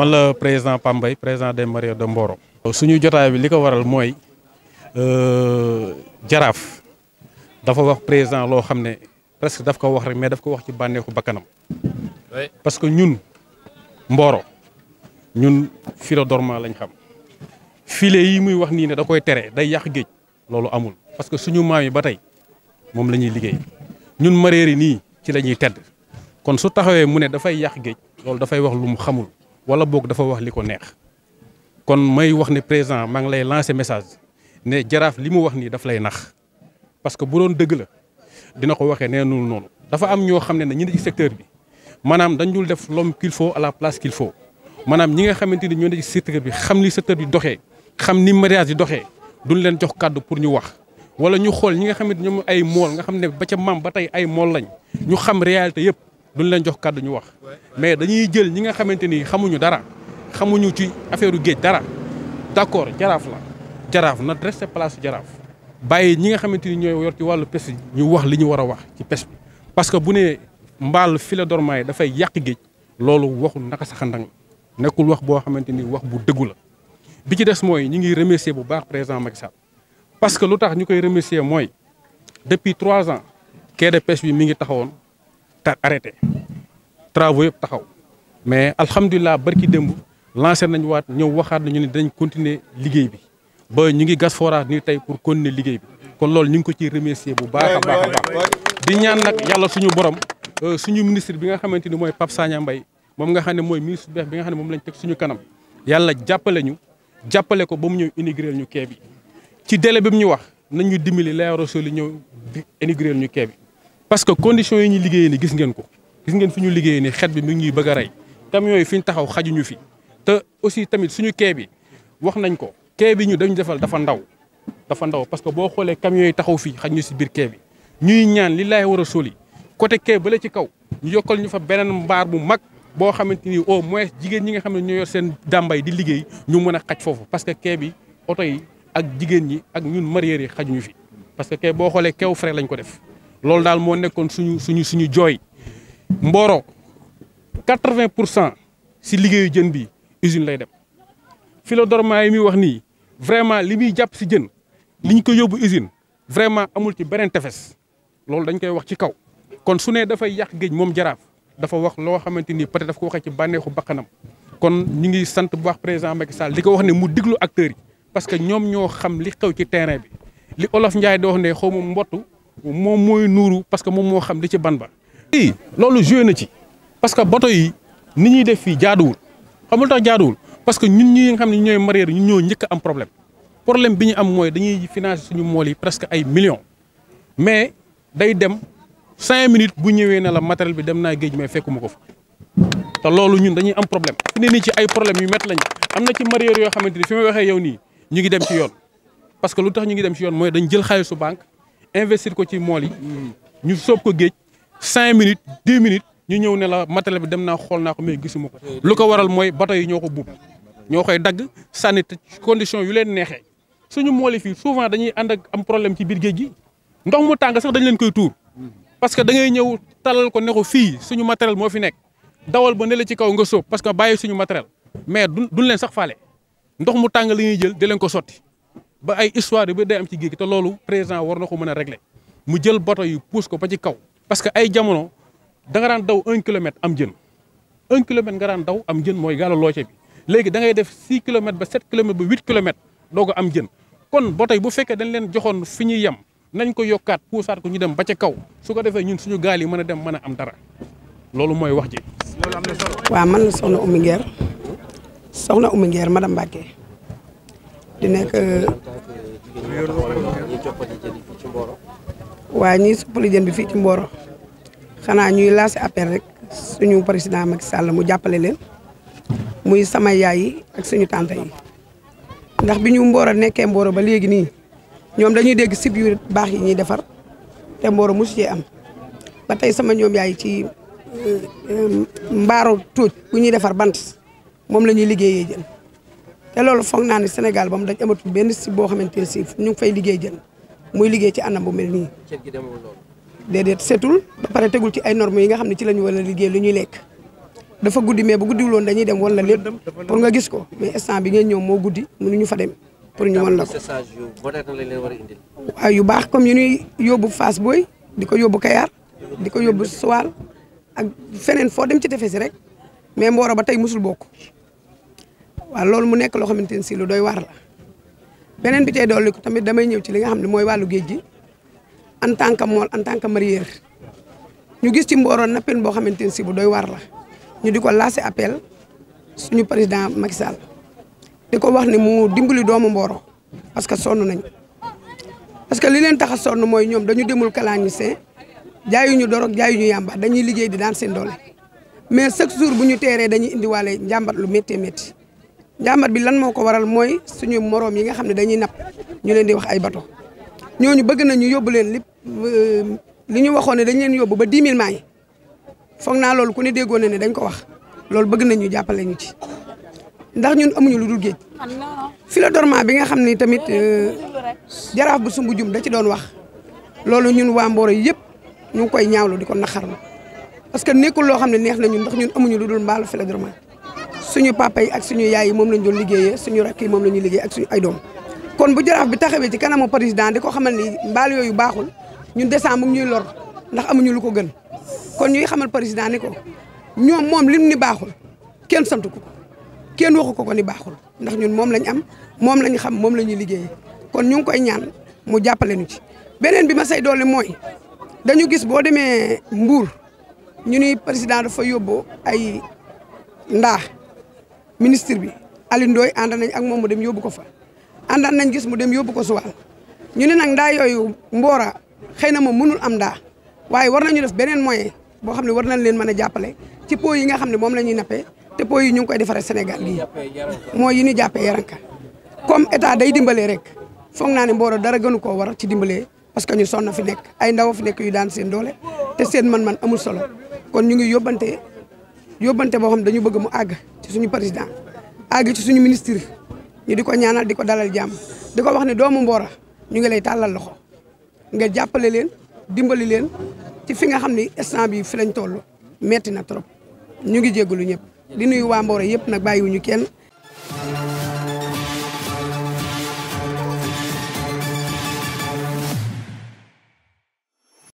man la président Pambay président des Mariés de Mboro. ñu jotaay bi li ko waral mooy euh, jaraaf dafa wax président loo xam ne presque daf ko wax rek mais daf ko wax ci bànneexu bakkanam parce que ñun Mboro ñun filo dormant lañ xam filet yi muy wax nii ne da koy tere day yàq géej loolu amul parce que suñu maam yi ba tey moom la ñuy liggéey ñun maréer yi nii ci la tedd kon su taxawee mu ne dafay yàq géej loolu dafay wax lu xamul wala boog dafa wax li ko neex kon may wax ne président maa ngi lay lancer message ne jaraaf li mu wax nii dafa lay nax parce que bu doon dëgg la dina ko waxee nee nul noonu dafa am ñoo xam ne ne ñi ne secteur bi maanaam dañ dul def l'homme qu'il faut à la place qu'il faut maanaam ñi nga xamante ni ñoo ne ci bi xam ni secteur bi doxee xam ni mariage yi doxee duñ leen jox kàddu pour ñu wax wala ñu xool ñi nga xamante ñoom ay mool nga xam ne ba ca maam ba tey ay mool lañ ñu xam réalité yëpp duñ leen jox kàddu ñu wax mais dañuy jël ñi nga xamante ni xamuñu dara xamuñu ci affaire géej dara d'accord jaraaf la jaraaf na resté place jaraaf bàyyi ñi nga xamante ni ñooy yor ci wàllu pes ñu wax li ñu war a wax ci pes bi parce que bu nee mbaal filet dormant yi dafay yàq géej loolu waxul naka sa xandang nekkul wax boo xamante ni wax bu dëggu la bi ci des mooy ñu ngi remercier bu baax président Macky Sall parce que lu tax ñu koy remercier mooy depuis trois ans quai de pêche mi ngi taxawoon arrêté travaux yëpp taxaw mais alhamdulilah ki démb lancé nañ waat ñëw waxaat nañu ne dinañ continuer liggéey bi ba ñu ngi gas forage nii tey pour continuer liggéey bi kon loolu ñu ngi ko ciy remercier bu baax a baax di ñaan nag yàlla suñu borom euh, suñu ministre bi nga xamante ni mooy Pape Sagna mbay moom nga xam ne mooy ministre beex bi nga xam ne moom lañ teg suñu kanam yàlla jàppale ñu jàppale ko ba mu ñëw inaugurer ñu quai bi ci délai bi mu ñu wax nañ ñu dimbali leero soli ñëw inaugurer ñu quai bi parce que conditions yi ñu liggéeyee ni gis ngeen ko gis ngeen fi ñu liggéeyee ni xet bi mi ngi ñuy bëgg a rey camions yi fi ñu taxaw xajuñu fi te aussi tamit suñu quai bi wax nañ ko quai bi ñu dañu defal dafa ndaw dafa ndaw parce que boo xoolee camions yi taxaw fii xaj ñu si biir quai bi ñuy ñaan li laay war a soli côté quai ba la ci kaw ñu yokkal ñu fa beneen mbaar bu mag boo xamante ni au moins jigéen ñi nga xam ne ñoo yor seen dàmbay di liggéey ñu mën a xaj foofu parce que quai bi oto ak jigéen ñi ak ñun mareyeurs yi xajuñu fi parce que boo xoolee kew lañ ko def loolu daal moo nekkoon suñu suñu suñu jooy Mboro 80 pour cent si liggéeyu jën bi usine lay dem Philodorma yi muy wax nii vraiment li muy jàpp si jën li ñu ko yóbbu usine vraiment amul ci beneen tefes loolu dañ koy wax ci kaw. kon su ne dafay yàq géej moom jaraaf dafa wax loo xamante ni peut-être daf ko waxee ci bànneexu bakkanam kon ñu ngi sant bu baax président Macky saal di ko wax ne mu diglu acteurs yi parce que ñoom ñoo xam li xew ci terrain bi li Olof Ndiaye di wax ne xaw ma mbottu moom mooy nuuru parce que moom moo xam li ci ban ba. fii loolu joué na ci parce que bato yi ni ñuy def fii jaaduwul xamul tax jaaduwul parce que ñun ñi nga xam ne ñooy mareyeur ñu ñoo njëkk am problème problème bi ñu am mooy dañuy financer suñu mool yi presque ay millions mais day dem cinq minutes bu ñëwee ne la matériel bi dem naa géej mais fekkuma ko fa. loolu ñun dañuy am problème fi ci ay problème yu métti lañ am na ci mareyeur yoo xamante ni fi may waxee yow nii ñu ngi dem ci yoon parce que lu tax ñu ngi dem ci yoon mooy dañ jël xaalisu banque. investir ko ci mool yi ñu soob ko géej cinq minutes dix minutes ñu ñëw ne la matériel bi dem naa xool naa ko mais gisuma ko lu ko waral mooy bato yi ñoo ko buub ñoo koy dagg sànni condition yu leen neexee suñu mool yi fii souvent dañuy ànd ak am problème ci biir géej gi ndox mu tàng sax dañ leen koy tuur parce que da ngay ñëw talal ko ne ko fii suñu matériel moo fi nekk dawal ba ne la ci kaw nga sóob parce que bàyyi suñu matériel mais du du leen sax faale ndox mu tàng la ñuy jël di ko sotti ba ay histoire yu bëri day am ci géej gi te loolu président war na ko mën a régler mu jël boto yi pousse ko ba ci kaw. parce que ay jamono danga nga daan daw un kilomètre am jën un kilomètre nga daan daw am jën mooy gaalu looce bi léegi da ngay def six kilomètres ba sept kilomètres ba huit kilomètres doo ko am jën kon bato yi fekkee dañ leen joxoon fi ñuy yem. nañ ko yokkaat puusaat ko ñu dem ba ca kaw su ko defee ñun suñu gaal yi mën a dem mën a am dara loolu mooy wax ji. waa man la soxna Oumy Nguer soxna Oumy ma madame Mbacké di nekk. Euh, waaye ñuy suppali jën bi fii ci Mboro xanaa ñuy lancé appel rek suñu président Macky Sall mu jàppale leen muy sama yaay yi ak suñu tante yi ndax bi ñu Mboro nekkee mbooro ba léegi nii ñoom dañuy dégg site yu baax yi ñuy defar te Mboro mosu cee am ba tey sama ñoom yaay ci euh, euh, mbaaru tuuj bu ñuy defar bant moom la ñuy liggéeyee te loolu foog naa ne Sénégal ba mu daj amatul benn site boo xamante ne si ñu ngi fay liggéey jën muy liggéey ci anam bu mel nii. déedéet setul ba pare tegul ci ay normes yi nga xam ne ci la ñu war a liggéey lu ñuy lekk dafa guddi mais bu guddiwul woon dañuy dem wan la lépp pour nga gis ko mais instant bi ngeen ñëw moo guddi mënuñu fa dem pour ñu wan la ko. waaw yu baax comme yu ñuy yóbbu faas booy di ko yóbbu Kayar di ko yóbbu Suwal ak feneen foo dem ci tefes rek mais Mboro ba tey musul bokk waaw loolu mu nekk loo xamante ni si lu doy waar la beneen bi tey dolli ko tamit damay ñëw ci li nga xam ne mooy wàllu géej gi en tant que mool en tant que mareyeur ñu gis ci mbooroo nappin boo xamante ne si bu doy waar la ñu di ko lancé appel suñu président Macky Sall di ko wax ne mu dimbali doomu Mboro parce que sonn nañ parce que li leen tax a sonn mooy ñoom dañu demul clandestin jaayuñu dorog jaayuñu yàmba dañuy liggéey di daan seen doole mais chaque jour bu ñu teeree dañuy indiwaale njàmbat lu méttee métti njàmbat bi lan moo ko waral mooy suñu moroom yi nga xam ne dañuy napp ñu leen di wax ay bato ñooñu bëgg nañu yóbbu leen li li ñu waxoon ne dañ leen yóbbu ba 10 000 maa foog naa loolu ku ne déggoon na ne dañ ko wax loolu bëgg nañu ñu jàppale ci ndax ñun amuñu lu dul géej la dormant bi nga xam ne tamit euh, jaraaf bu sumbu jum da ci doon wax loolu ñun waa Mboro yëpp ñu ngi koy ñaawlu di ko naxarlu parce que nekkul loo xam ne neex na ñun ndax ñun amuñu lu dul mbaalu fi la dormant suñu papa ak suñu yaay yi moom lañ doon liggéeyee suñu rakk yi moom la ñuy liggéey ak suñu ay doom kon bu jaraaf bi taxawee ci kanamu président di ko xamal ni mbaal yooyu baaxul ñun décembre ñuy lor ndax amuñu lu ko gën kon ñuy xamal président ni ko ñoom moom lim ni baaxul kenn sant ko kenn waxu ko ko ni baaxul ndax ñun moom lañ am moom lañ xam moom la ñuy liggéeyee kon ñu ngi koy ñaan mu jàppale ñu ci. beneen bi ma say doole mooy dañu gis boo demee Mbour ñu ni président dafa yóbbu ay ndaa ministre bi alindooy Ndoye ànd nañ ak moom mu dem yóbbu ko fa àndaan nañ gis mu dem yóbbu ko suwaal ñu ne nag ndaa yooyu mboora xëy na moom mënul am ndaa waaye war ñu def beneen moyen boo xam ne war nañ leen mën a jàppale ci po yi nga xam ne moom la ñuy nappee te po yi ñu ngi koy defaree Sénégal gii mooy yi ñu jàppee yaranka comme état day dimbalee rek foog naa ne mboora dara gënu koo war ci dimbalee parce que ñu sonna fi nekk ay ndaw fi nekk yu daan seen doole te seen man-man amul solo kon ñu ngi yóbbante yóbbante boo xam ne dañu bëgg mu àgg suñu président àgg ci suñu ministre ñu di ko ñaanal di ko dalal jàmm di ko wax ne doomu Mboro ñu ngi lay tàllal loxo nga jàppale leen dimbali leen ci fi nga xam ni instant bi fi lañ toll metti na trop ñu ngi jégalu ñëpp di nuyu waa Mboro yëpp nag bàyyiwuñu kenn.